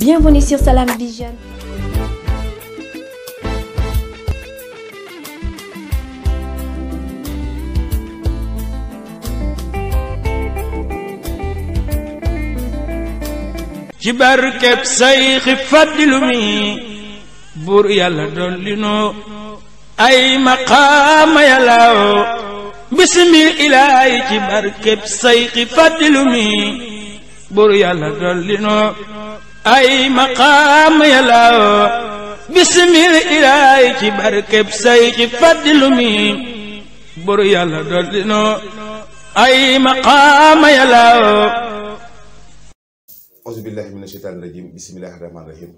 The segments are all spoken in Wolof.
Bienvenue sur Salam Vision. ci yàlla dolli ay maqaama yàllaaw bisimil ilaahi ci barkeb sayxi faddilu ay maqaam yalaawo bismil ilaay ci barkeb say ci faddilu mi buru yàlla doldinoo ay maqaam yalaawo auzu billahi min asheytaani rajim bismillahi rahmaani rahim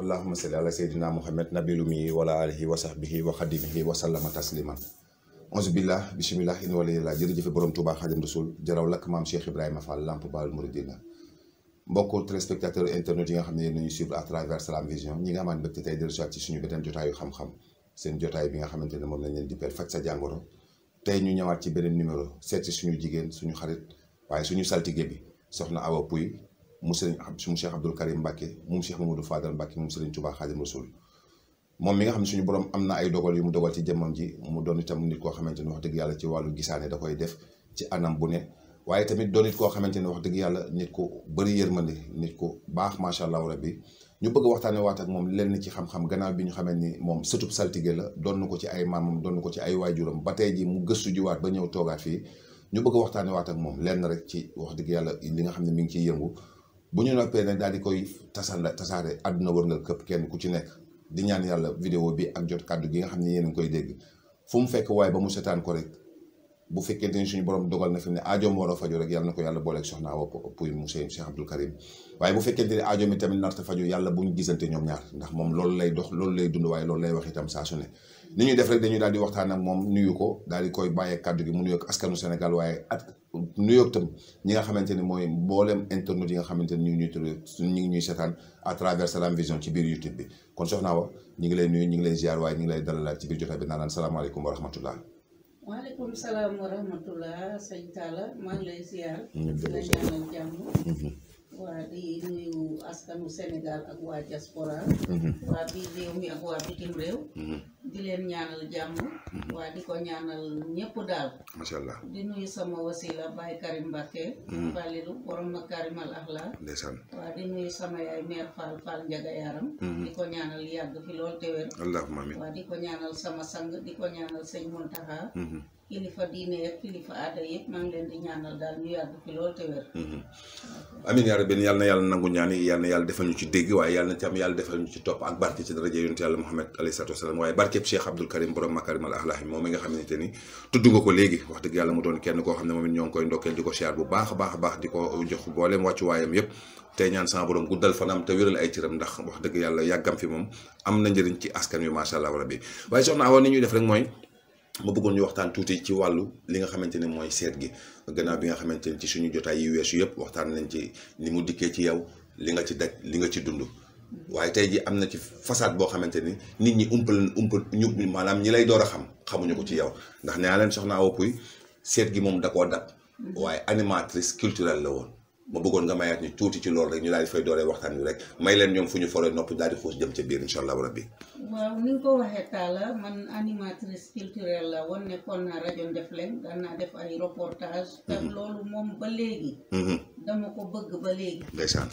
allahuma salli ala seydina muhammad nabilu mi wala alihi wa sahbihi wa xadimihi wa sallama tasliman auzu billah bismillah in wala yàlla jërëjëfe borom Tuubaa Xaadimu Rasuul jaraw lakk maam Cheikh Ibrahima Fall lamp baal muridina mbokku téléspectateur internet yi nga xam ne yéen nañu suivre à travers Salam Vision ñi nga xamante mbégte tey dellusiwaat ci suñu beneen jotaayu xam-xam seen jotaay bi nga xamante ne moom lañ leen di per faj sa jàngoro tey ñu ñëwaat ci beneen numéro seet si suñu jigéen suñu xarit waaye suñu saltige bi soxna Awa Pouy mu sëriñ mu Cheikh Abdoul Karim Mbacke moom Cheikh Mamadou Fadal Mbacke moom sëriñ Touba Khadim Rasoul moom mi nga xam ne suñu borom am na ay dogal yu mu ci jëmmam ji mu doon itam nit koo xamante ne wax dëgg yàlla ci wàllu gisaane da koy def ci anam bu ne waaye tamit doon nit koo xamante ne wax dëgg yàlla nit ko bëri yërmande nit ko baax macha allah rabbi ñu bëgg waxtaanee waat ak moom lenn ci xam-xam bi ñu xamee ni moom sëtub saltige la doon na ko ci ay maamam doon ko ci ay waajuram ba tey ji mu gëstu jiwaat ba ñëw toogaat fii ñu bëgg waxtaanee waat moom lenn rek ci wax dëgg yàlla li nga xam ne mi ngi ciy yëngu bu ñu noppee nag daal di koy tasal tasaare àdduna wërngal këpp kenn ku ci nekk di ñaan yàlla vidéo bi ak jot kàddu gi nga xam ne yéen a koy dégg fu mu fekk waaye ba mu setaan ko rek bu fekkente ni suñu borom dogal na fi ne aajo moo war a faju rek yàlla na ko yàlla booleeg soxna Awa Pouye mu Cheikh Abdoul Karim waaye bu fekkente ni aajo mi tamit narta faju yàlla bu ñu gisante ñoom ñaar ndax moom loolu lay dox loolu lay dund waaye loolu lay wax itam saa su ne ni ñuy def rek dañuy daal di waxtaan ak moom nuyu ko daal di koy bàyyee kàddu gi mu nuyoog askanu Sénégal waaye at nuyoog tam ñi nga xamante ni mooy mboolem internet yi nga xamante ni ñu ngi ñuy tudd ñu ngi ñuy seetaan à travers Salam Vision ci biir YouTube bi kon soxna Awa ñu ngi lay nuyu ñu ngi lay ziar waaye ñu ngi lay dalalaat ci biir jotaay bi naan salaamaaleykum wa rahmatullah maaleykum salaam wa rahmatulah sëñ Talla maa ngi waa di nuyu askanu Sénégal ak waa diaspora mhm. waa bi réew mi ak waa bitim réew mhm. di leen ñaanal jàmm mhm. waa di ko ñaanal ñëpp daal macha allah di nuyu sama wasila Baye Karim Mbacke Fallilou borom Makarimal Akhlaq ndeysaan waa di nuyu sama yaay mère Fall Fall Njaga Yaram di ko ñaanal yàgg fi lool te waa di ko ñaanal sama sang di ko ñaanal sëñ Muntaxa kilifa diine yëpp kilifa aada yëpp maa ngi leen di ñaanal mhm. nangu ñaan yi yàlla na yàlla defal ci dégg waaye yàlla na ci am yàlla defal ñu ci topp ak barke ci daraja yonent yàlla Muhammad alayhi salaatu wasalaam waaye ni tudd nga ko léegi wax dëgg yàlla mu doon kenn koo xam ne moom it ñoo koy ndokkeel di ko siyaar bu baax baax baax di ko jox booleem wàccuwaayam yëpp tey ñaan sama borom guddal fanam te wéral ay ndax wax dëgg yàlla yàggam fi moom am na njëriñ ci askan wi macha allah rabbi waaye soxna awoon ni ñuy def rek mooy ma bëggoon ñu waxtaan tuuti ci wàllu li nga xamante ne mooy seet gi gannaaw bi nga xamante ne ci suñu jotaay yi weesu yëpp waxtaan nañ ci ni mu dikkee ci yow li nga ci daj li nga ci dund. waaye tey jii am na ci façade boo xamante ni nit ñi umpal umpal ñu maanaam ñi lay door a xam xamuñu ko ci yow ndax nee naa leen soxna Awa Pouye seet gi moom da koo mm-hmm. waaye animatrice culturelle la woon. ma bëggoon nga mayaat ñu tuuti ci loolu rek ñu daal di fay dooree waxtaan wi rek may leen ñoom fu ñu foree nopp daal di xuus jëm ca biir incha allah rabbi. waaw ni ko waxee Talla man animatrice culturelle la woon nekkoon naa def leen daan naa def ay reportage mhm. te loolu moom ba léegi. Mhm. dama ko bëgg ba léegi. ndeysaan.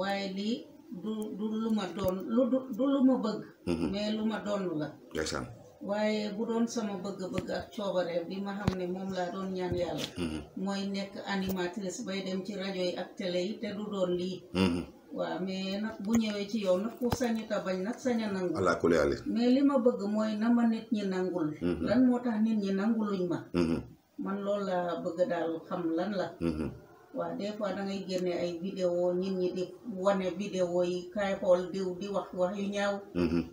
waaye lii du du lu ma doon lu du lu ma bëgg. Mhm. mais lu ma doon la. ndeysaan. waaye bu doon sama bëgg-bëgg ak coobaree bi ma xam ne moom laa doon ñaan yàlla mm-hmm. mooy nekk animatrice bay dem ci rajo yi ak télé yi te du doon lii mm-hmm. waaw mais nag bu ñëwee ci yow nag ku sañuta bañ nag sañ a nangu alaakulli àlli mais li ma bëgg mooy na ma nit ñi nangul mm-hmm. lan moo tax nit ñi nanguluñ ma man loolu laa bëgg daal xam lan la waaw des fois da ngay génne ay vidéo nit ñi di wane vidéo yi kaay xool diw di wax wax yu ñaaw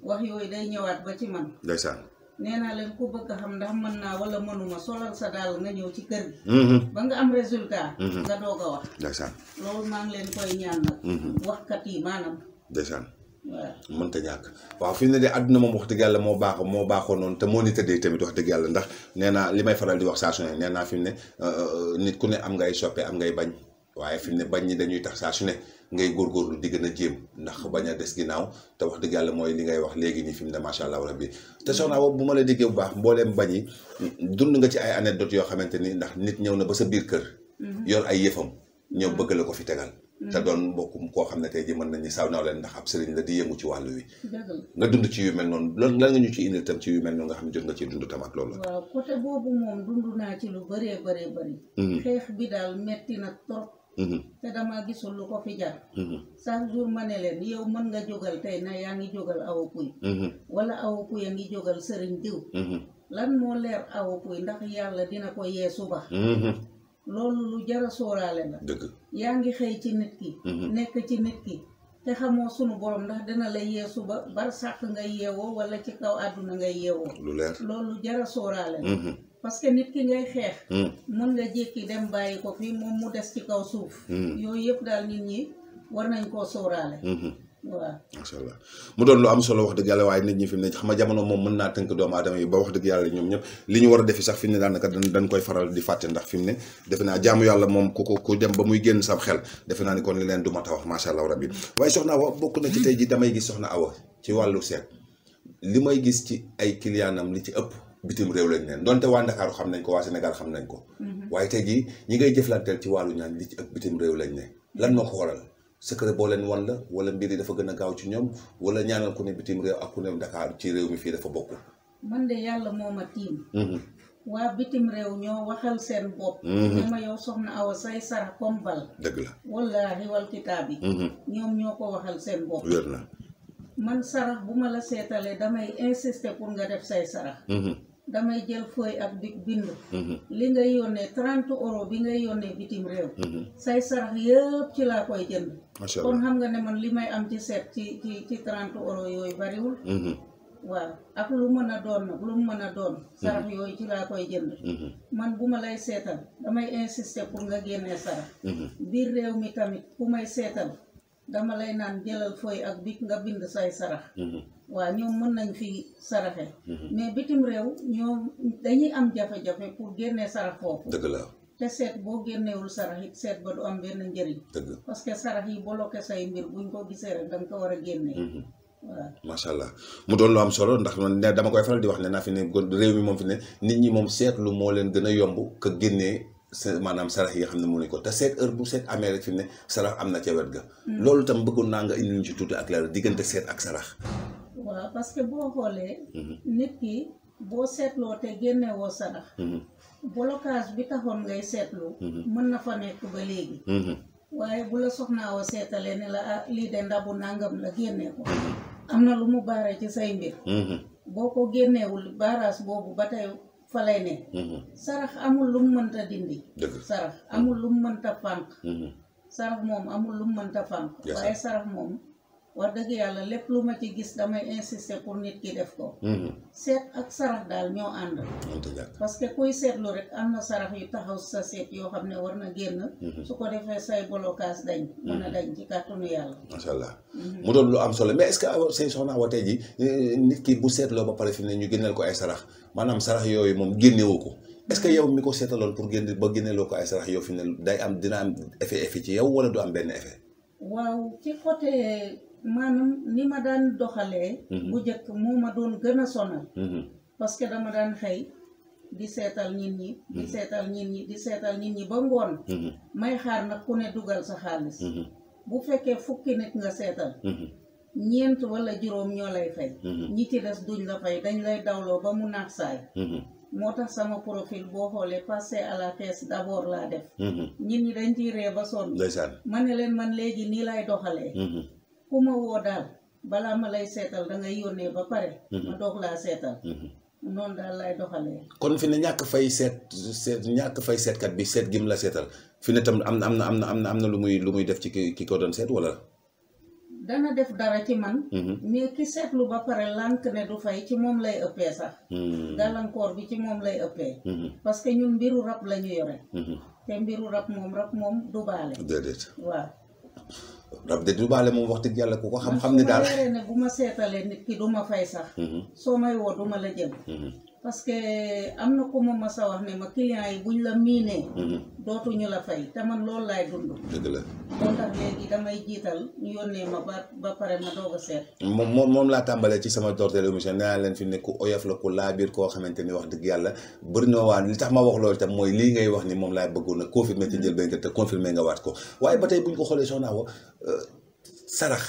wax yooyu day ñëwaat ba ci man ndeysaan nee naa leen ku bëgg xam ndax mën naa wala mënuma solal sa daal nga ñëw ci kër gi. Mm-hmm. ba nga am résultat. Mm-hmm. nga doog a wax. ndeysaan loolu maa leen koy ñaan nag. Mm-hmm. waxkat yi maanaam. ndeysaan. waaw mënta ñàkk waaw fi ne de àdduna moom wax dëgg yàlla moo baax moo baaxoon noonu te moo ni tëddee tamit wax dëgg yàlla ndax neena li may faral di wax saa su ne nee naa fi mu ne euh, euh, nit ku ne am ngay soppe am ngay bañ. waaye fi mu ne bañ ñi dañuy tax saa su ne ngay góorgóorlu di gën a jéem ndax bañ a des ginnaaw te wax dëgg yàlla mooy li ngay wax léegi nii fi mu ne macha allah rabbi te soxna boobu bu ma la déggee baax mbooleem bañ yi dund nga ci ay anecdote yoo xamante ni ndax nit ñëw na ba sa biir kër. Mm-hmm. yor ay yëfam ñëw mm-hmm. bëgg la ko fi tegal. Mm-hmm. te doon mbokkum koo xam ne tey ji mën nañu saw naaw leen ndax ab sëriñ la di yëngu ci wàllu wi nga dund ci yu mel noonu loolu lan nga ñu ci indi tam ci yu mel noonu nga xam ne jot nga ci dund tamaat loolu waaw côté boobu moom dund naa ci lu bëree na Mm-hmm. te dama gisul lu ko fi jar mm-hmm. chaque jour ma ne leen yow mën nga jógal tey na yaa ngi jógal awa puy mm-hmm. wala awa puy a ngi jógal sëriñ diw lan moo leer awa ndax yàlla dina ko yee suba loolu lu jara sóoraale la dëgg yaa ngi xëy ci nit ki nekk ci nit ki te xamoo sunu borom ndax dina la yee ba bar sàq nga yeewoo wala ci kaw àdduna ngay yeewoo. lu leer loolu jara sooraale la. Mm-hmm. parce que nit ki ngay xeex. Mm. mën nga jékki dem bàyyi ko fii moom mu des ci kaw suuf. Mm. yooyu yëpp daal nit ñi war nañ koo sóoraale. Mm-hmm. macha allah mu doon lu am solo wax dëgg yàlla waaye nit ñi fi mu ne xam nga jamono moom mën naa tënk doomu aadama yi ba wax dëgg yàlla ñoom ñëpp li ñu war a defi sax fi ne daanaka dañ dañ koy faral di fàtte ndax fi ne defe naa jaamu yàlla moom ku ko ku dem ba muy génn sam xel defe naa ni kon li leen du a wax macha allah rabbi waaye soxna awa bokk na ci tey ji damay gis soxna awa ci wàllu seet li may gis ci ay kiliyaanam li ci ëpp bitim réew lañ ko waa Sénégal xam nañ ko mm-hmm. waaye tey jii ñi ngay jëflanteel ci wàllu ne secret boo leen wan la wala mbir yi dafa gën a gaaw ci ñoom wala ñaanal ku ne bitim réew ak ku ne Dakar ci réew mi fii dafa bokk. man de yàlla moo ma tiim. Mhm. waa bitim réew ñoo waxal seen bopp. Mhm. ñu ma yow soxna Awa say sara la wallaahi wal kitaab yi. Mhm. ñoom ñoo ko waxal seen bopp. wér na man sarax bu ma la seetalee damay insister pour nga def say sarax. damay jël fooy ak bi bind mhm. li ngay yónnee trente euro bi ngay yónnee bitim réew mhm. say sarax yëpp ci laa koy jënd kon xam nga ne man li may am ci seet ci ci ci yooyu bariwul mhm. waaw ak lu mën a doon nag lu mën a doon sarax yooyu ci laa koy jënd man bu ma lay seetal damay insister pour nga génnee sarax biir réew mi tamit ku may seetal dama lay naan jëlal fooy ak bic nga bind say sarax mhm. waa ñoom mën nañ fi saraxe mhm. mais bitim réew ñoom dañuy am jafe-jafe pour génnee sarax foofu dëgg la te seet boo génnewul sarax it seet ba du am benn njëriñ dëgg parce que sarax yi bloqué say mbir buñ ko gisee rek danga ko war a génnee mhm. waaw macha allah mu doon lu am solo ndax man dama koy faral di wax ne naa fi ne réew mi moom fi ne nit ñi moom seetlu moo leen gën a yomb que génnee maanaam sarax yi nga xam ne mu ne sarax am na ca wet ga. Hmm. loolu tam bëggoon naa nga indi ñu ci tuuti ak leer diggante seet ak sarax. waaw parce que boo xoolee. Hmm. nit ki boo seetloo te génnewoo sarax. Hmm. blocage bi taxoon ngay seetlu. mën na fa nekk ba léegi. waaye bu la soxnaawoo seetalee ne la ah lii de ndabu nangam la génne ko. am na lu mu baaree ci say mbir. boo ko génneewul baaraas boobu ba tey fa ne mhm. sarax amul lu mu mënta dindi sarax amul lu mu mënta fànq mhm. sarax moom amul lu mu mënta fànq waaye sarax moom wax dëgg yàlla lépp lu ma ci gis damay insister pour nit ki def ko mhm. seet ak sarax daal ñoo ànd parce que kuy seetlu rek am na sarax yu taxaw sa seet yoo xam ne war na génn su ko defee say bolokaas dañ mën a dañ ci kàttanu yàlla macha allah mu doon lu am solo mais est-ce que euh, say soxna wa tey euh, nit ki bu seetloo ba pare fi ne ñu génneel ko ay sarax maanaam sarax yooyu moom génnewoo ko est que yow mi ko seetaloon pour génne ba génneloo ko ay sarax yoo fi ne day am dina am effet effet ci yow wala du am benn effet. waaw ci côté maanaam ni ma daan doxalee. Mhm. bu njëkk moo ma doon gën a sonal. Mhm. parce que dama daan xëy di seetal nit ñi. di mhm. seetal nit ñi di seetal nit ñi ba ngoon. may xaar nag ku ne dugal sa xaalis. bu fekkee fukki nit nga seetal. ñeent walla juróom ñoo lay fay mm-hmm. ñi ci des duñ la fay dañ lay dawloo ba mu naax saay mm-hmm. moo tax sama profil boo xoolee passé à la caisse d'abord laa def ñit mm-hmm. ñi dañ ci ree ba sonn ma ne leen man léegi nii lay doxalee ku ma woo daal balaa ma lay seetal da ngay yónnee ba pare ma doog laa seetal noonu daal lay doxalee. kon fi ne ñàkk fay seet seet ñàkk fay seetkat bi seet gim la seetal fi ne tam am na am na am na am na lu muy lu muy def ci ki ki ko doon seet wala. dana def dara ci man mhm. mais ki seetlu ba pare lànk ne du fay ci moom lay ëppee sax mhm. gàllankoor bi ci moom lay ëppee mhm. parce que ñun mbiru rab la ñu yore te mbiru rab moom rab moom du baale déedéet waaw de du baale moom wax dëgg yàlla ko ko xam-xam ne daal ne bu ma seetalee nit ki du ma fay sax soo may woo ma la jël parce que am na ko ma mas a wax ne ma client yi buñ la miinee. Mhm. dootuñu la fay te man loolu laay dund. dëgg la moo tax léegi damay jiital ñu yónnee ma ba pare ma doog seet. moom moom laa tàmbalee ci sama door émission nee naa leen fi ne ku oyof la ku laa biir koo xamante ni wax dëgg yàlla bëri na waa li tax ma wax loolu tam mooy lii ngay wax ni moom laay bëggoon a confirmer ci mhm. njëlbeen te confirmer nga waat ko waaye ba tey buñ ko xoolee soxna wa euh, sarax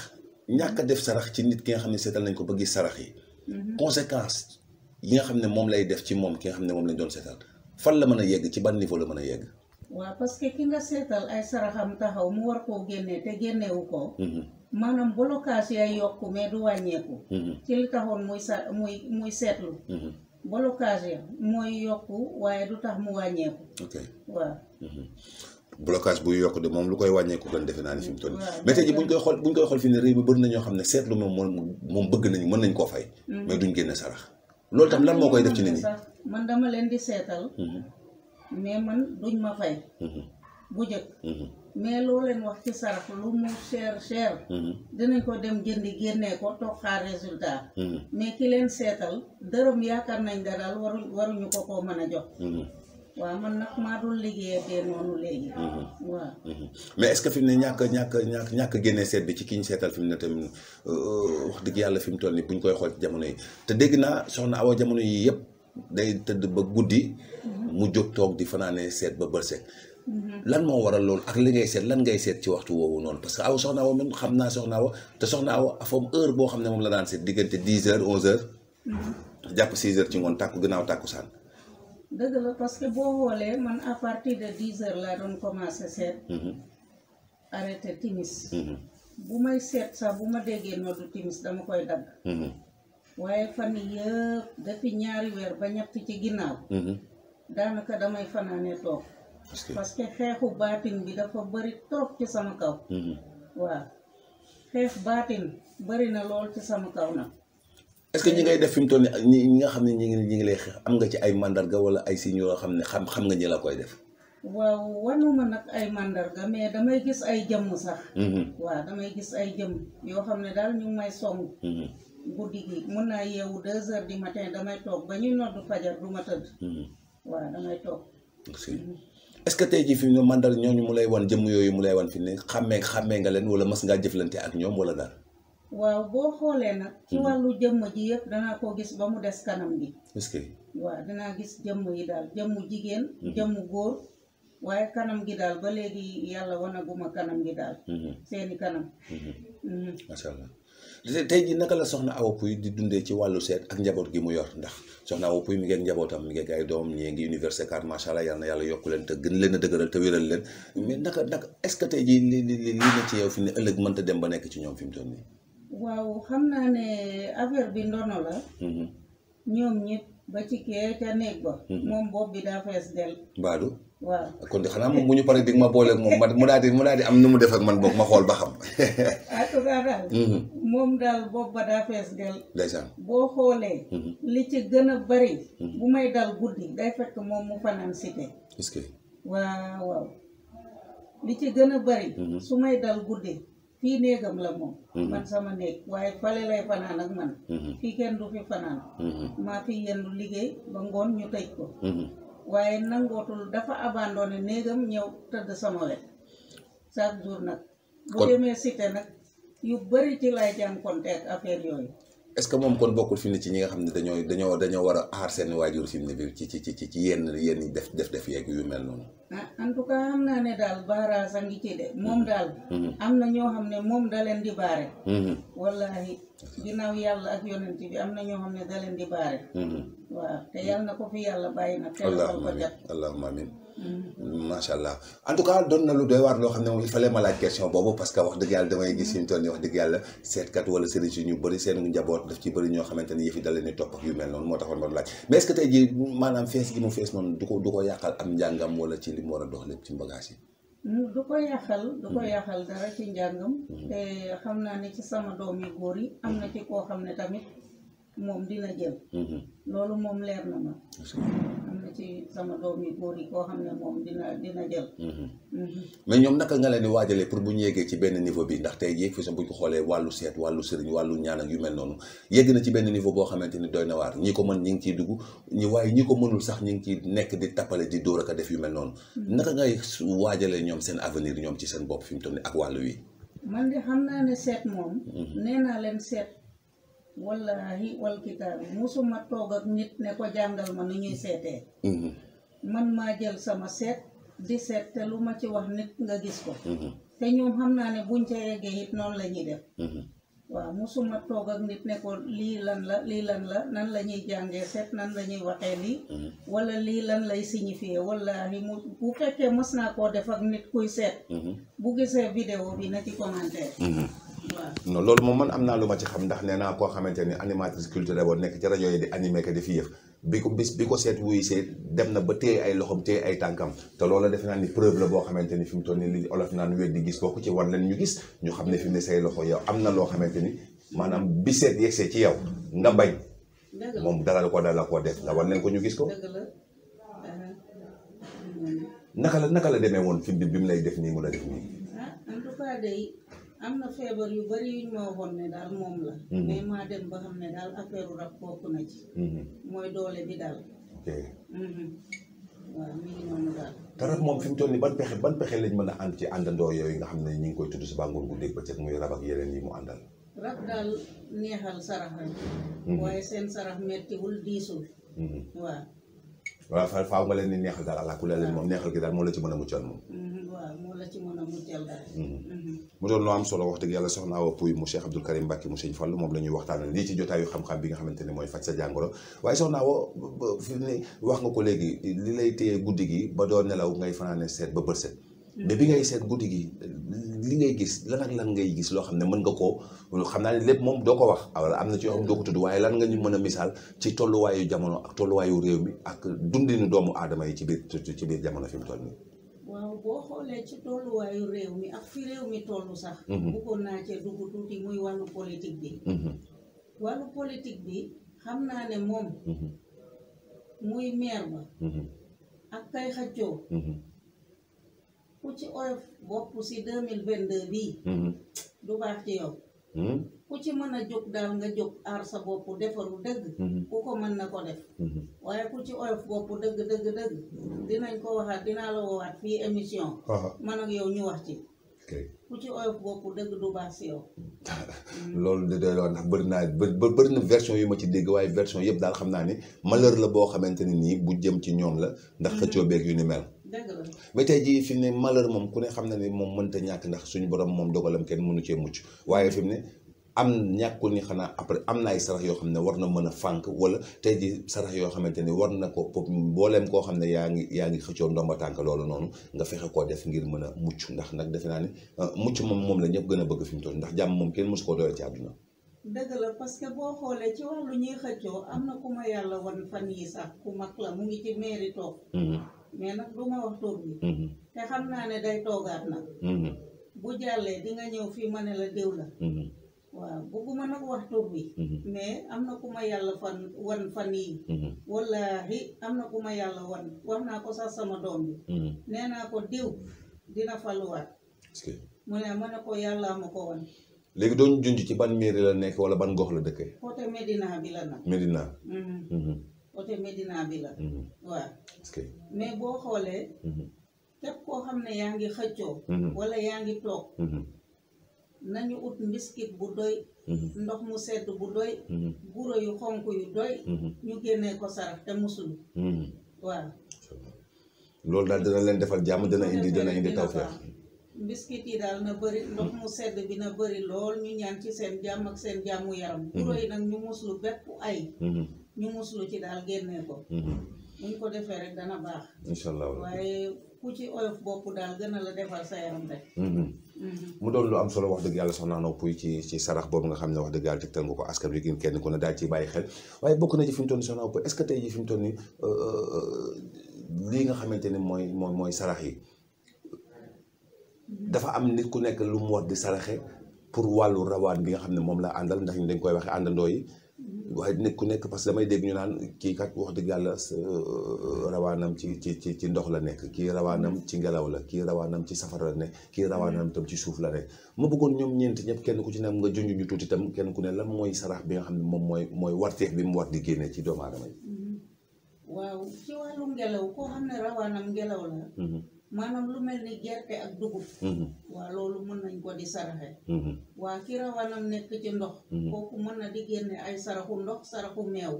ñàkk def sarax ci nit ki nga xam ne seetal nañ ko ba sarax yi. Mhm. conséquence. yi nga xam ne moom lay def ci moom ki nga xam ne moom lañ doon seetal fan la mën a yegg ci ban niveau la mën a yegg. waaw parce que ki nga seetal ay saraxam taxaw mu war koo génne te génnewu ko. Mm-hmm. maanaam blocage yaay yokku mais du wàññeeku. Mm-hmm. ci li taxoon muy sa muy seetlu. Mm-hmm. blocage ya mooy yokku waaye du tax mu wàññeeku. ok waaw. blocage buy yokk de moom lu koy wàññeeku gën defe naa ni fi mu ji buñ koy xool buñ koy xool fi ne réew mi bëri na ñoo xam ne seetlu moom moom moom bëgg nañu mën nañ koo fay. mais duñ génne sarax. loolu tam lan moo koy def ci nit ñi sax man dama leen di seetal mhm. mais man duñ ma fay mhm. bu jëkk mhm. mais loo leen wax ci sarax lu mu cher cher dinañ ko dem jëndi génnee ko toog xaar résultat mais ki leen seetal dërëm yaakaar nañ da daal waru waruñu ko koo mën a jox waaw man nag maa mhm. Mhm. mais est-ce ne ñàkk ñàkk ñàkk ñàkk génne seet bi ci ki seetal fi mu ne tamit euh, wax dëgg yàlla fi mu toll nii bu ñu koy xool ci jamono yi te dégg naa soxna Awa jamono yii yëpp day tëdd ba guddi. Mhm. mu jóg toog di fanaanee seet ba bër seet. lan moo waral loolu ak li ngay seet lan ngay seet ci waxtu woowu noonu parce que aw soxna Awa man xam naa soxna Awa te soxna a afam heure boo xam ne moom la daan seet diggante dix heures onze heures. jàpp six heures ci ngoon tàkku gannaaw tàkku saan. dëgg la parce que boo xoolee man à partir de dix heures laa doon commencé seet. Mhm. arrêté timis. Mhm. bu may seet sax bu ma déggee noddu timis dama koy dagg. Mhm. waaye fan yëpp depuis ñaari weer ba ñett ci ginnaaw. daanaka damay fanaane toog. parce que xeexu baatin bi dafa bëri toog ci sama kaw. waaw xeex baatin bëri na lool ci sama kaw nag. est que ñi ngay def fi mu toll nii ñi nga xam ne ñi ngi ñi ngi lay xeex am nga ci ay mandarga wala ay signes yoo xam ne xam xam nga ñi la koy def. waaw wanuma nag ay mandarga mais damay gis ay jëmm sax. Mm-hmm. waaw damay gis ay jëmm yoo xam ne daal ñu ngi may song. Mm-hmm. guddi gi mun naa yeewu deux heures du matin damay toog ba mm-hmm. lay wan jëmm yooyu mu lay wan fi ne xàmmee xàmmee nga leen wala mas ngaa jëflante ak ñoom wala daal. waaw boo xoolee nag. ci mm-hmm. wàllu jëmm ji yëpp danaa ko gis ba mu des kanam gi. est-ce waaw danaa gis jëmm yi daal jëmm jigéen. Mm-hmm. jëmm góor waaye kanam gi daal ba léegi yàlla wanaguma kanam gi daal. Mm-hmm. seeni kanam. macha allah tey jii naka la soxna Awa Pouye di dundee ci wàllu seet ak njaboot gi mu yor ndax soxna Awa Pouye mi ngi ak njabootam mi ngi ak doom ñii ngi université car macha allah na yàlla yokku leen te gën leen a dëgëral te wéral leen naka naka est tey jii li li li na ci yow fi ne dem ba nekk ci ñoom fi mu toll nii waaw xam naa ne affaire bi ndono la. Mm-hmm. ñoom ñëpp ba ci kee ca néeg ba. Mm-hmm. moom bopp bi daa fees del. baadu. waaw kon xanaa moom bu ñu paree di ma booleeg moom man mu daal di di am nu mu def man boog ma xool ba xam. en tout mm-hmm. bopp ba daa fees del. ndeysaan boo xoolee. li ci gën a bari. bu may dal guddi day fekk moom mu fanaan cité. waaw waaw li ci gën a bari. su may dal guddi. fii néegam la moom mm-hmm. man sama néeg waaye fale lay fanaan ak man mm-hmm. fii kenn du fi fanaan mm-hmm. maa fi yendu liggéey ba ngoon ñu tëj ko waaye nangootul dafa abandonné néegam ñëw tëdd sama wet chaque jour nag bu demee cité nag yu bari ci lay jànkonteeg affaire yooyu est que moom kon bokkul fi mu ne ci ñi xam ne dañoo dañoo war a aar seen waajur fi ne bi ci ci ci ci yenn yenn def def def yeeg yu mel noonu. ah en tout naa ne daal baaraas a ngi ci de mm-hmm. moom daal. Mm-hmm. am na ñoo xam ne moom da leen di baare. Mm-hmm. wallahi ginnaaw yàlla ak yonent bi am na ñoo xam ne da leen di baare. waaw te yàlla ko fi yàlla bàyyi nag. allahumma amiin Mm. macha allah en doon na lu doy waar loo xam ne moom il fallait ma laaj question boobu parce que wax dëgg yàlla damay gis suñu toll nii wax dëgg yàlla seetkat wala sëriñ si ñu yu mel noonu moo taxoon ma laaj mais est maanaam fees gi mu fees noonu du ko du ko yàqal am njàngam wala ci li war a dox lépp ci bagage yi. Mm, du ko mm. yàqal dara ci njàngam. te eh, xam naa ne ci sama doom yu góor yi am na ci koo xam ne tamit moom di la jël mm-hmm. loolu moom leer na ma am na ci sama doom yi góor yi koo xam ne moom dina dina jël mm-hmm. Mm-hmm. mais ñoom naka nga leen di pour bu ñu yéegee ci benn niveau bi ndax tey jii fi sa bu ñu ko xoolee wàllu seet wàllu sëriñ wàllu ñaan ak yu mel noonu yegg na ci benn niveau boo xamante ni doy na waar ñi ko mën ñi ngi ciy dugg ñi waaye ko mënul sax ñi ngi ciy nekk di tappale di dóor ak def yu mel noonu naka ngay waajalee ñoom seen avenir ñoom ci seen bopp fi mu toll nii ak wàll wi wallahi wal kitaabi toog ak nit ne ko jàngal ma nu ñuy seetee mhm. man maa jël sama seet di seet te lu ma ci wax nit nga gis ko mhm. te ñoom xam naa ne buñ ci yeggee it noonu la ñuy def mhm. waaw musuma toog ak nit ne ko lii lan la lii lan la nan la ñuy jàngee seet nan la ñuy waxee lii wala lii lan lay signifier wallahi mu bu fekkee mës naa koo def ak nit kuy seet bu gisee vidéo bi na ci commentaire non loolu moom man am naa lu ma ci xam ndax nee naa koo xamante ni animatrice culturelle boo nekk ci rajo yi di animé ka di fi yëf bi ko bis bi ko seet wuyu see dem na ba téye ay loxom téye ay tànkam te loolu defe naa ni preuve la boo xamante ni fi mu toll nii li olof naan wéet di gis boo ko ci war leen ñu gis ñu xam ne fi mu ne say loxo yow am na loo xamante ni maanaam bi seet yegsee ci yow nga bañ moom dara la ko dara la koo def nga war leen ko ñu gis ko naka la naka la demee woon fi bi mu lay def nii mu am na feebar yu bari yuñ ma ne daal moom la mhm. mais maa dem ba xam ne daal affaire rab bokk na ci mhm. mooy doole bi daal ok mhm. moom fi mu toll nii ban pexe ban pexe lañ mën a ànd ci àndandoo yooyu nga xam ne ñu ngi koy tudd si bàngoor guddeeg bëccëg muy rab ak yeneen yi mu àndal rab daal neexal sarax rek waaye seen sarax mettiwul diisul waaw waaw faaw nga leen ni neexal daal allah kulli leen moom neexal gi daal moo la ci mën a muccal moom. Mm-hmm, a mm-hmm. Mm-hmm. mu doon loo am solo wax dëgg yàlla soxna Awa Pouye mu Cheikh Abdoul Karim Mbacke mu Sëñ Fall moom la ñuy waxtaanee lii ci jotaayu xam-xam bi nga xamante ne mooy faj sa jàngoro waaye soxna Awa fi ne wax nga ko léegi li lay téye guddi gi ba doon nelaw ngay fanaane seet ba bët set. mais bi ngay seet guddi gi li ngay gis lan lan ngay gis loo xam ne mën nga koo xam naa ne lépp moom doo ko wax wala ah am na ci yoo xam doo ko tudd waaye lan nga ñu mën a misaal ci tolluwaayu jamono ak tolluwaayu réew mi ak dundinu doomu aadama yi ci biir ci biir jamono fi mu réew mi tollu sax. Mhm. bëggoon naa cee dugg tuuti muy wàllu politique bi. Mhm. wàllu politique bi xam naa ne moom. Mhm. muy maire ba. ak kay xajoo. ku ci oyof bopp si deux mille vingt deux bii mhm. du baax ci yow hmm? ku ci mën a jóg daal nga jóg aar sa bopp defaru dëgg mhm. ku ko mën na ko def mhm. waaye ku ci oyof bopp dëgg dëgg dinaa émission man yow ñu wax ci ku ci oyof du baax si yow loolu de doy wax ndax bëri naa bëri na version yu ma ci dégg waaye version yëpp daal xam naa ni malheur la boo xamante ne nii bu jëm ci ñoom la ndax xëccoo beeg yu ni mel ba tey jii fi mu ne malheur moom ku ne xam na ni moom mënta ñàkk ndax suñu borom moom dogalam kenn mënu cee mucc waaye fi mu ne am ñàkkul ni xanaa après am na ay sarax yoo xam ne war na mën a fànk wala tey ji sarax yoo xamante ne war na ko pop mbooleem koo xam ne yaa ngi yaa ngi xëccoo ndomba tànk loolu noonu nga fexe koo def ngir mën a mucc ndax nag defe naa ne ah, mucc moom moom la ñëpp gën a bëgg fi mu toll ndax jàmm moom kenn mosu koo doole ma yàlla wan fan yi sax ku mag la mu ngi ci mairie toog mm-hmm. mais nag du ma wax tur bi. Mhm. te xam naa ne day toogaat nag. Mhm. bu jàllee di ñëw fii ma ne la déw la. Mhm. waaw bëgguma nag wax tur bi mais am na ku ma yàlla fan wan fan yi na ku ma yàlla wan wax naa ko sax sama doom bi nee naa ko diw dina faluwaat mu ne ma ne ko yàlla ma ko wan léegi doon junj ci ban mairie la nekk wala ban gox la dëkkee côté Médina bi la nag Médina côté Medina bi la. waa mhm. mais boo xoolee. Mhm. képp koo xam ne yaa ngi xëccoo. Mhm. wala yaa ngi toog. nañu ut mbiskit bu doy. ndox mu sedd bu doy. guro yu xonk yu doy. ñu génnee ko sarax te musul. waaw. loolu daal dina leen defal jàmm dina indi dina indi tawfeex. yi daal na bëri ndox mu sedd bi na bëri lool ñu ñaan ci seen jàmm ak seen jàmm yaram. guro yi nag ñu muslu bépp ay. ñu muslu ci daal génnee ko muñ mhm. ko defee rek dana baax incha allah waaye ku ci oyof bopp daal gën a la defal sa rek mhm. Mhm. mu doon lu am solo wax dëgg yàlla soxna Naw Pouye ci ci sarax boobu nga xam ne wax dëgg yàlla tegtal nga ko askan wi kenn ku ne daal ciy bàyyi xel waaye bokk na ci fi mu toll nii soxna Naw euh, euh, lii nga xamante ne mooy mooy mooy sarax yi dafa am nit ku nekk lu mu war di saraxe pour wàllu rawaan bi nga xam ne moom la àndal ndax ñu dañ koy waxee àndandoo yi waaye nit ku nekk parce que damay dégg ñu naan kii kat wax dëgg yàlla euh, rawaanam ci ci ci ci ndox la nekk kii rawaanam ci ngelaw la kii rawaanam ci safara la nekk kii rawaanam tam ci suuf la nekk mu bëggoon ñoom ñeent ñëpp kenn ku ci ne nga junj ñu tuuti tam kenn ku ne lan mooy sarax bi nga xam ne moom mooy mooy warteef bi mu war di génne ci doomu aadama mm-hmm. waaw ci wàllu ngelaw koo xam ne rawaanam ngelaw la. Mm-hmm. maanaam lu mel ni gerte ak dugub mhm. waa loolu mën nañ ko di saraxe mhm. waa ki rawanam nekk ci ndox mhm. kooku mën na di génne ay saraxu ndox saraxu meew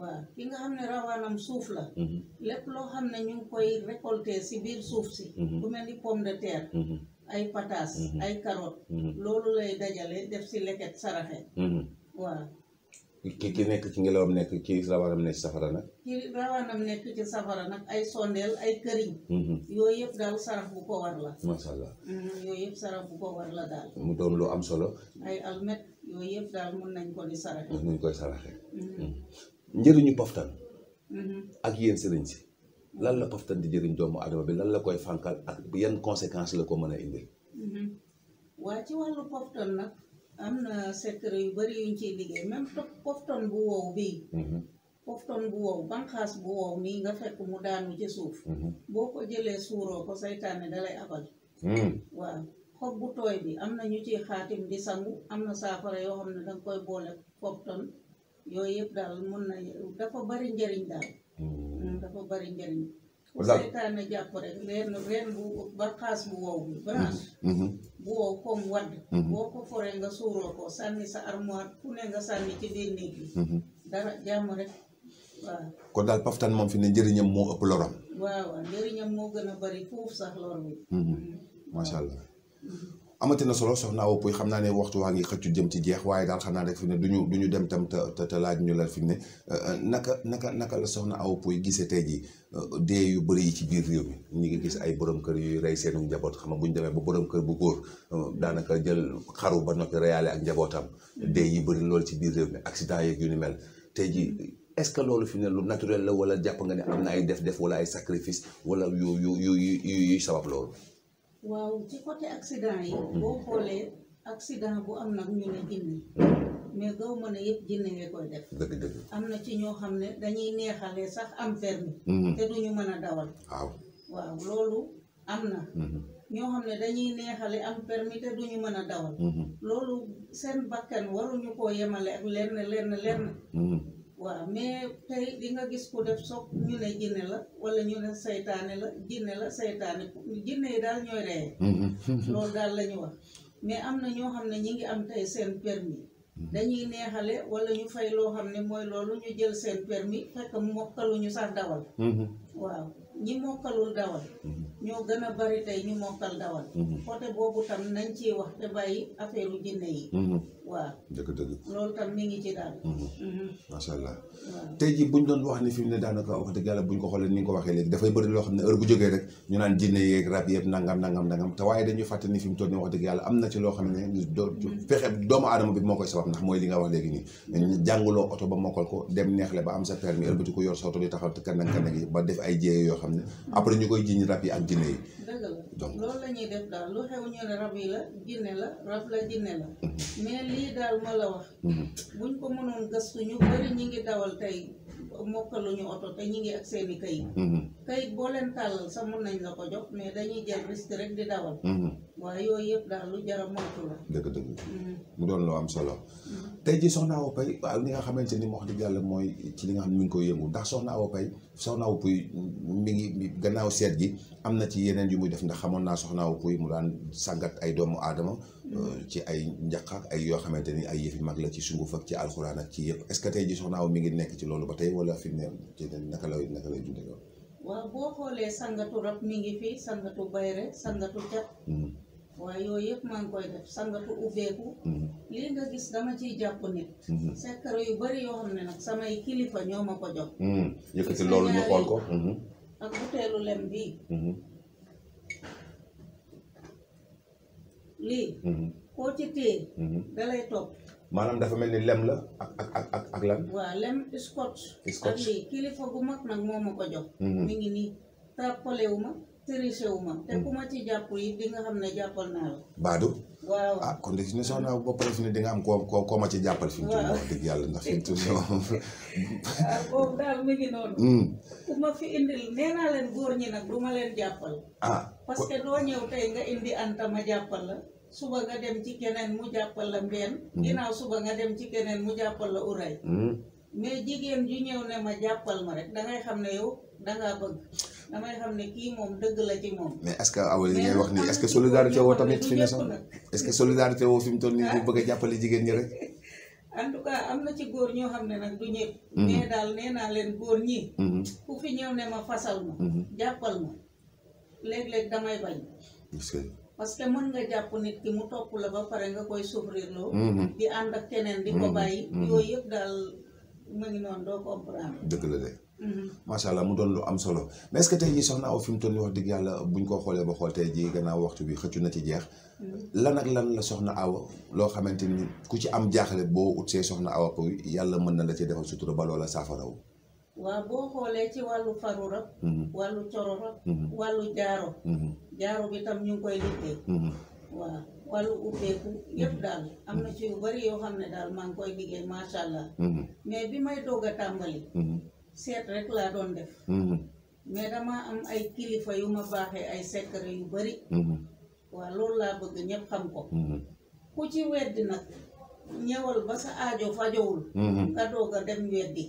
waa ki nga xam ne rawaanam suuf la lépp loo xam ne ñu ngi koy récolter si biir suuf si lu mel ni pom de terre ay pataas ay carotte loolu lay dajale def si leket saraxe waa ki ki nekk ci ngelawam nekk ci rawaanam nekk ci safara nag ci rawaanam nekk nag ay sondeel ay këriñ mhm. yooyu yëpp daal sarax bu ko war la masha allah mhm, yooyu yëpp sarax bu ko war la daal mu doon lu am solo ay almet yooyu yëpp daal mun nañ ko di saraxe koy saraxe mhm. njëriñu poftan ak yéen sëriñ si lal la poftan di jëriñ doomu adama bi lan la koy fànkal ak yan conséquence la ko mën a indil waa ci wàllu poftan nag am na secteur yu bari yuñ ciy liggéey même pofton bu wow bii mhm. pofton bu wow banqaas bu wow nii nga fekk mu daanu ci suuf mhm. boo ko jëlee suuroo ko saytaane dalay abal mhm. waaw xob bu tooy bi am na ñu ciy xaatim di sangu am na saafara yoo xam ne danga koy boole pofton yooyu yëpp daal mun na dafa bari njëriñ daal mm, dafa bari njariñ ku saytaane jàpp rek reen bu banqaas bu wow bi branche bu wow wadd mhm. boo ko foree nga suuroo ko sànni sa armoire ku ne nga sànni ci biir néeg bi mhm. dara jàmm rek waaw kon daal paftan moom fi ne njëriñam moo ëpp loram waaw njëriñam moo gën a bari foofu sax lor bi mhm. macha allah amati na solo soxna Awa Pouye xam naa ne waxtu waa ngi xëccu jëm ci jeex waaye daal xam naa rek fi ne du ñu dem tam te te laaj ñu la fi ne euh, euh, naka naka naka la soxna Awa Pouye gisee tey jii euh, dee yu bëri yi ci biir réew mi ñu ngi gis ay borom kër yuy rey seenu njaboot xam nga bu ñu demee ba borom kër bu góor daanaka jël xaru ba noppi reyaale ak njabootam. dee yi bëri loolu ci biir réew mi accident yeeg yu ni mel tey jii. est-ce que loolu fi ne lu naturel la wala jàpp nga ne am na ay def-def wala ay sacrifice wala yu yu yu yu sabab loolu. waaw ci côté accident yi mm-hmm. boo xoolee accident bu am nag ñu ne jinne mais gaw mën a yëpp jinne nga koy def am na ci ñoo xam ne dañuy neexale sax am permis mm-hmm. te duñu mën a dawal waaw waaw loolu am na mm-hmm. ñoo xam ne dañuy neexale am permis te ñu mën a dawal loolu seen bakkan waruñu koo yemale ak lenn lenn lenn waaw mais tey di nga gis ku def soog ñu ne jënne la walla ñu ne seytaane la jinne la saytaane jinne yi daal ñooy reye mm-hmm. loolu daal la wax mais am na ñoo xam ne ñu ngi am tey seen permis mm-hmm. dañuy neexale walla ñu fay loo xam ne mooy loolu ñu jël seen permis fekk mokkaluñu sax dawal mm-hmm. waaw ñi mokkalul dawal ñoo gën a bari tey ñu mokkal dawal côté boobu tam nañ ci wax te bàyyi affaire u jinne yi waaw dëgg dëgg. loolu tam mi ngi ci daal. Mhm. Mhm. macha allah. tey bu ñu doon wax ni fi mu ne daanaka wax dëgg yàlla bu xoolee ni nga ko waxee dafay bëri loo xam ne heure bu jógee rek ñu naan jinne yeeg rab yëpp nangam nangam nangam te waaye dañuy fàttali fi mu toll nii wax dëgg yàlla am loo xam ne doo mhm. fexe doomu aadama bi moo koy sabab ndax mooy ba mokkal ko ko yor sa oto di taxaw te kanam kanam yi ba def ay jéeye yoo xam ne après ñu koy jiñ rab yi ak jinne yi. lii daal ma la wax mhm. buñ ko mënoon gëstu ñu bari ñi ngi dawal tey mokkaluñu oto te ñi ngi ak seeni kayit mhm. kayit boo leen tàllal sax mun nañ la ko jox mais dañuy jël risque rek di dawal mhm. waaye yooyu yëpp daal lu jara moytu dëgg dëgg mu doon loo am solo tey ji soxna Awa Paye waaw li nga xamante ni wax dëgg yàlla mooy ci li nga xam ne mu ngi koy yëngu ndax soxna Awa Paye soxna Awa mi ngi gannaaw seet gi am na ci yeneen yu def ndax xamoon naa soxna Awa mu daan sàngat ay doomu aadama Euh, ci ay njaqaak ay yoo xamante ni ay yëfi mag la ci sunguf ak ci alxuraan ak ci yëpp est-ce que tey ji soxna Awa mi ngi nekk ci loolu ba tey wala fi mu ne naka lay naka lay dundee loolu. waaw boo xoolee sangatu rab mi ngi fi sangatu bayre sangatu cat. Hmm. waaw yooyu yëpp maa ngi koy def sangatu ubbeeku. Hmm. lii nga gis dama ciy jàpp nit. Hmm. secteur yu bari yoo xam ne nag samay kilifa ñoo ma ko jox. yëkkati loolu ñu xool ko. ak buteelu lem bii. lii. Mhm. koo ci téye. Mhm. da lay maanaam dafa mel ni lem la ak ak ak ak ak lan. waaw lem scotch. scotch ak lii kilifa gu mag nag moo ma jox. Mhm. mi ngi nii tàppale wu te ku ma ci jàppal naa la. Ah, di nga am koo ci jàppal. fi mu toll yàlla ndax fi noonu. Ah, boobu daal mi ngi noonu. Mm. ku fi indil nee leen góor ñi nag du leen jàppal. Ah. parce que loo ñëw tey nga indi Anta jàppal la suba nga dem ci keneen mu jàppal la mbeen mm-hmm. ginnaaw suba nga dem ci keneen mu jàppal la uray mm-hmm. mais jigéen ju ñëw ne ma jàppal ma rek dangay xam ne yow dangaa bëgg damay xam ne kii moom dëgg la ci moom. mais est-ce que ngay wax nii est-ce que solidarité woo tamit fi ne sax est-ce que solidarité woo fi mu toll nii ñu ah. bëgg a jàppale jigéen ñi rek. en tout am na ci góor ñoo xam ne nag du ñëpp. Mm-hmm. mais daal nee naa leen góor ñi. ku fi léeg-léeg damay bañ. parce mën nga jàpp nit ki mu topp la ba pare nga koy souffrirloo. Mm-hmm. di ànd ak keneen di ko mm-hmm. bàyyi. Mm-hmm. yooyu yëpp daal mu ngi doo comprendre. dëgg la de. macha allah mu doon lu am solo mais est-ce que tey jii soxna aw fi mu toll nii wax dëgg yàlla buñ ko xoolee ba xool tey jii gannaaw waxtu bi xëccu na ci jeex. lan ak lan la soxna awa loo xamante ni ku ci am jaaxle boo ut see soxna aw ko yàlla mën na la ci defal sutura baloo la saafaraw waaw boo xoolee ci wàllu faru rab mhm. wàllu coro rab mhm. wàllu jaaro mhm. jaaro bi tam ñu koy liggéey waaw wàllu ubbeeku yëpp daal am na ci yu bari yoo xam ne daal maa ngi koy liggéey macha allah mais bi may doog a tàmbali seet rek laa doon def mais dama am ay kilifa yu ma baaxee ay secret yu bari waaw loolu laa bëgg ñëpp xam ko ku ci weddi nag ñëwal ba sa aajo fajowul nga doog a dem weddi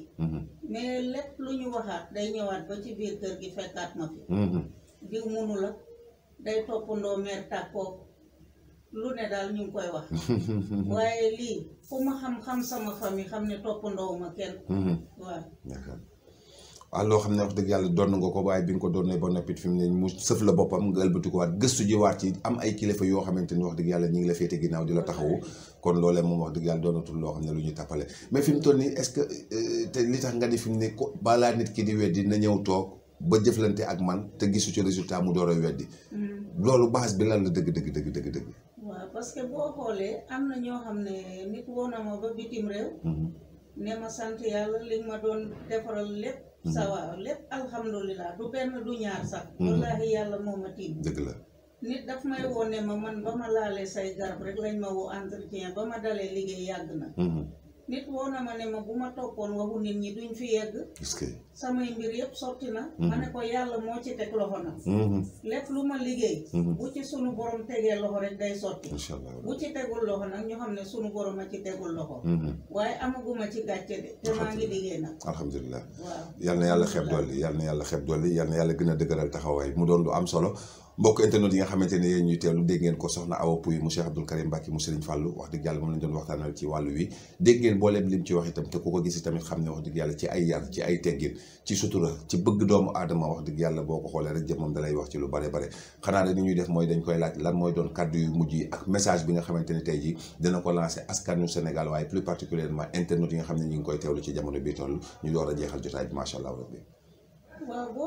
mais lépp lu ñu waxaat day ñëwaat ba ci biir kër gi fekkaat ma fi mm-hmm. diw munu la day toppandoo mer tàkkoo lu ne daal ñu ngi koy wax waaye lii ku ma xam-xam sama yi xam ne toppandoo ma kenn mm-hmm. waaw waaw ne wax dëgg yàlla doon nga ko waaye bi ko doonee ba noppi fi mu ne mu sëf la boppam nga ëlbatikuwaat gëstu am ay kilifa yoo xamante ni wax dëgg yàlla ñu ngi la féete ginnaaw di la taxawu kon loolee moom wax dëgg yàlla loo lu ñu tappale mais fi mu toll nii que euh, te li tax nga fi mu ne ko balaa nit ki di weddi na ñëw toog ba jëflante ak man te gisu ci résultat mu door a weddi mm. loolu base bi lan la dëgg dëgg dëgg dëgg dëgg waaw parce que boo xoolee am na ñoo xam ne nit woo na ma ba bitim réew mm-hmm. ne ma sant yàlla li ma doon defaral lépp Mhm. sa waaw lépp alhamdulilah du benn du ñaar sax mhm. wallaahi yàlla mooma tiim dëgg la nit daf may woo ne ma man ba ma laalee say garab rek lañ ma woo entretien ba ma dalee liggéey yàgg na mhm. nit woo na ma ne ma bu ma toppoon waxu nit ñi duñ fi yegg. samay mbir yëpp sotti na. Mhm. ma ne ko yàlla moo ci teg loxo nag. Mhm. lépp lu ma liggéey. Mhm. bu ci sunu borom tegee loxo rek day sotti. bu ci tegul loxo nag ñu xam ne sunu borom a ci tegul loxo. waaye amaguma ci gàcce de te maa ngi liggéey nag. alhamdulilah waaw yàlla xeeb dolli yal na yàlla xeeb dolli yal yàlla gën a dëgëral taxawaay mu doon du am solo. mbokk internet yi nga xamante ne yéen ñuy teewlu dégg ngeen ko soxna Awa Pouye mu Cheikh Abdoul Karim Mbacké mu Serigne Fallou wax dëgg yàlla moom lañ doon waxtaanal ci wàllu wi ne wax dëgg yàlla ci ay ko xoolee rek jëmmam dalay wax ci lu bare bare yi nga xamante ne tey ji dina ko lancé askanu Sénégal waaye plus particulièrement yi nga xam ne ñu ngi koy teewlu ci jamono bi toll ñu door a jeexal jotaay bi macha allah boo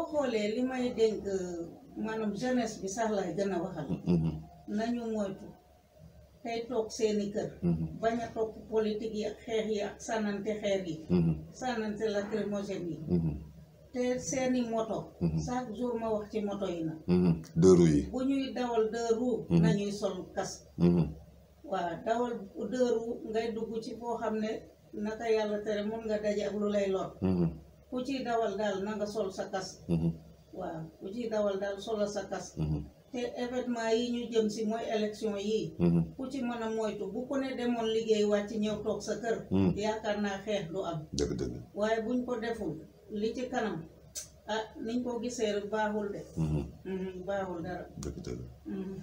xoolee li may dénk maanaam jeunesse bi sax lay gën a waxal mm-hmm. nañu moytu tey toog seeni kër mm-hmm. bañ a topp politique yi ak xeex yi ak sànnante xeer yi mm-hmm. sànnante lacrymogène yi te seeni moto chaque jour ma wax ci moto yi nag deux roues yi bu ñuy dawal deux nañuy sol casque waaw dawal ngay dugg ci foo xam ne naka yàlla tere mun nga daje ak lu lay lor ku ciy dawal daal na nga sol sa kas waaw ku ci dawal daal solo sa kas mhm. te événement yi ñu jëm si mooy élection yii mhm. ku ci mën a moytu bu ku ne demoon liggéey wàcc ñëw toog sa kër mhm. yaakaar naa xeex du am dëgg dëgg waaye buñ ko deful li ci kanam ah niñ ko gisee baaxul de baaxul dara dëgg dëgg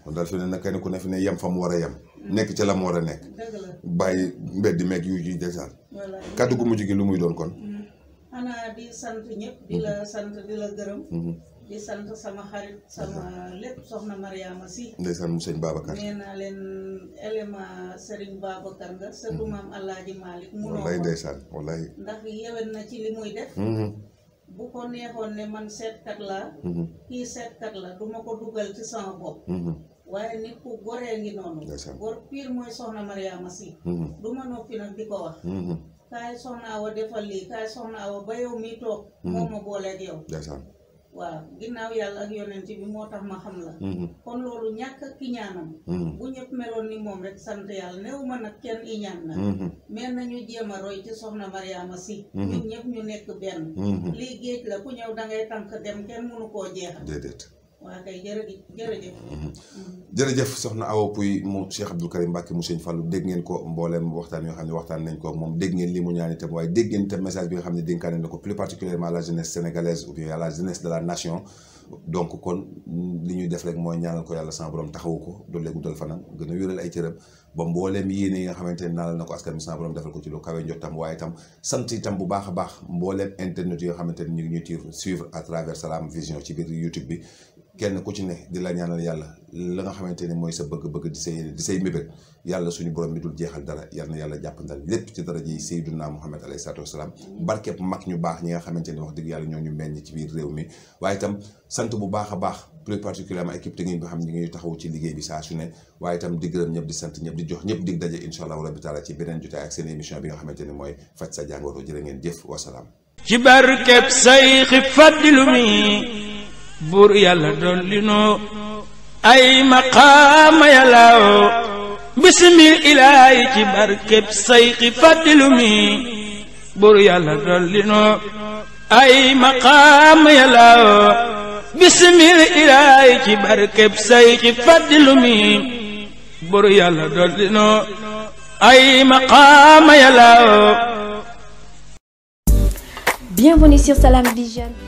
kon daal fi ne nag kenn ku ne fi ne yem fa mu war a yem nekk ci la mu war a nekk dëgg la bàyyi mbedd meeg yu yuy desaan kàddu gu mujj gi lu muy doon kon xanaa di sant ñëpp di la mhm. sant di la gërëm. Mhm. di sant sama xarit sama lépp soxna Mariama si. ndeysaan sëñ Babacar. nee naa leen élément Serigne Babacar nga. surtout mhm. maam El Hadj Malick. munoo wallaay ndeysaan ndax yewen na ci li muy def. bu ko neexoon ne man seetkat laa. kii seetkat la du ko dugal ci sama bopp. waaye nit ku goree ngi noonu. gor pire mooy soxna Mariama si. du noppi nag di ko wax. kaay soxna Awa defal lii kaay soxna Awa ba yow mi toog mm-hmm. moo ma booleeg yow ndeysaan waaw ginnaaw yàlla ak yonent bi moo tax ma xam la mm-hmm. kon loolu ñàkk ki ñaanam mm-hmm. bu ñëpp meloon ni moom rek sant yàlla néew ma nag kenn i ñaan na mais nañu a roy ci soxna Mariama si ñun ñëpp ñu nekk benn lii géej la ku ñëw da ngay dem kenn mënu koo jeexal Mhm. jërëjëf soxna Awa Pouy mu Cheikh Abdou Karim Mbacké mu Sëñ Fallou dégg ngeen ko mbooleem waxtaan yoo xam ne waxtaan nañ ko moom dégg ngeen li mu ñaan itam waaye dégg ngeen itam message bi nga xam ne dénkaane na ko plus particulièrement la jeunesse sénégalaise ou bien la jeunesse de la nation donc kon li ñuy def rek mooy ñaanal ko yàlla sama borom taxawu ko doole guddal fanam gën a wéral ay cëram ba mbooleem yéene yi nga xamante ne naanal na ko askan bi sama borom defal ko ci lu kawe a baax mbooleem internet yi nga ne ñu ngi ñuy suivre à travers Salam Vision ci biir YouTube bi kenn ku ci ne di la ñaanal yàlla la nga xamante ne mooy sa bëgg-bëgg di say di say mébét yàlla suñu borom bi dul jeexal dara yal na yàlla jàppandal lépp ci dara ji Seydunaa ne wax dëgg yàlla ñoo ñu meññ ci biir réew mi waaye itam sant bu baax a baax saa su ne waaye itam di gërëm ñëpp di sant ñëpp di jox ñëpp dig daje insha allahu rabbi taala ci beneen jotaay ak seen émission bi nga xamante ne mooy faj sa jàngoro jërë ngeen jëf wasalaam ci barkeb say xi faddilu buur yàlla dolli noo ay maqaama yàllaawo bisimil ilaahi ci barkeb sayxi fàddilu mi buur yàlla dolli noo ay maqaama yàllaawo bisimil ilaahi ci barkeb sayxi fàddilu mi buur yàlla dolli noo ay maqaama yàllaawo Bienvenue sur Salam Vision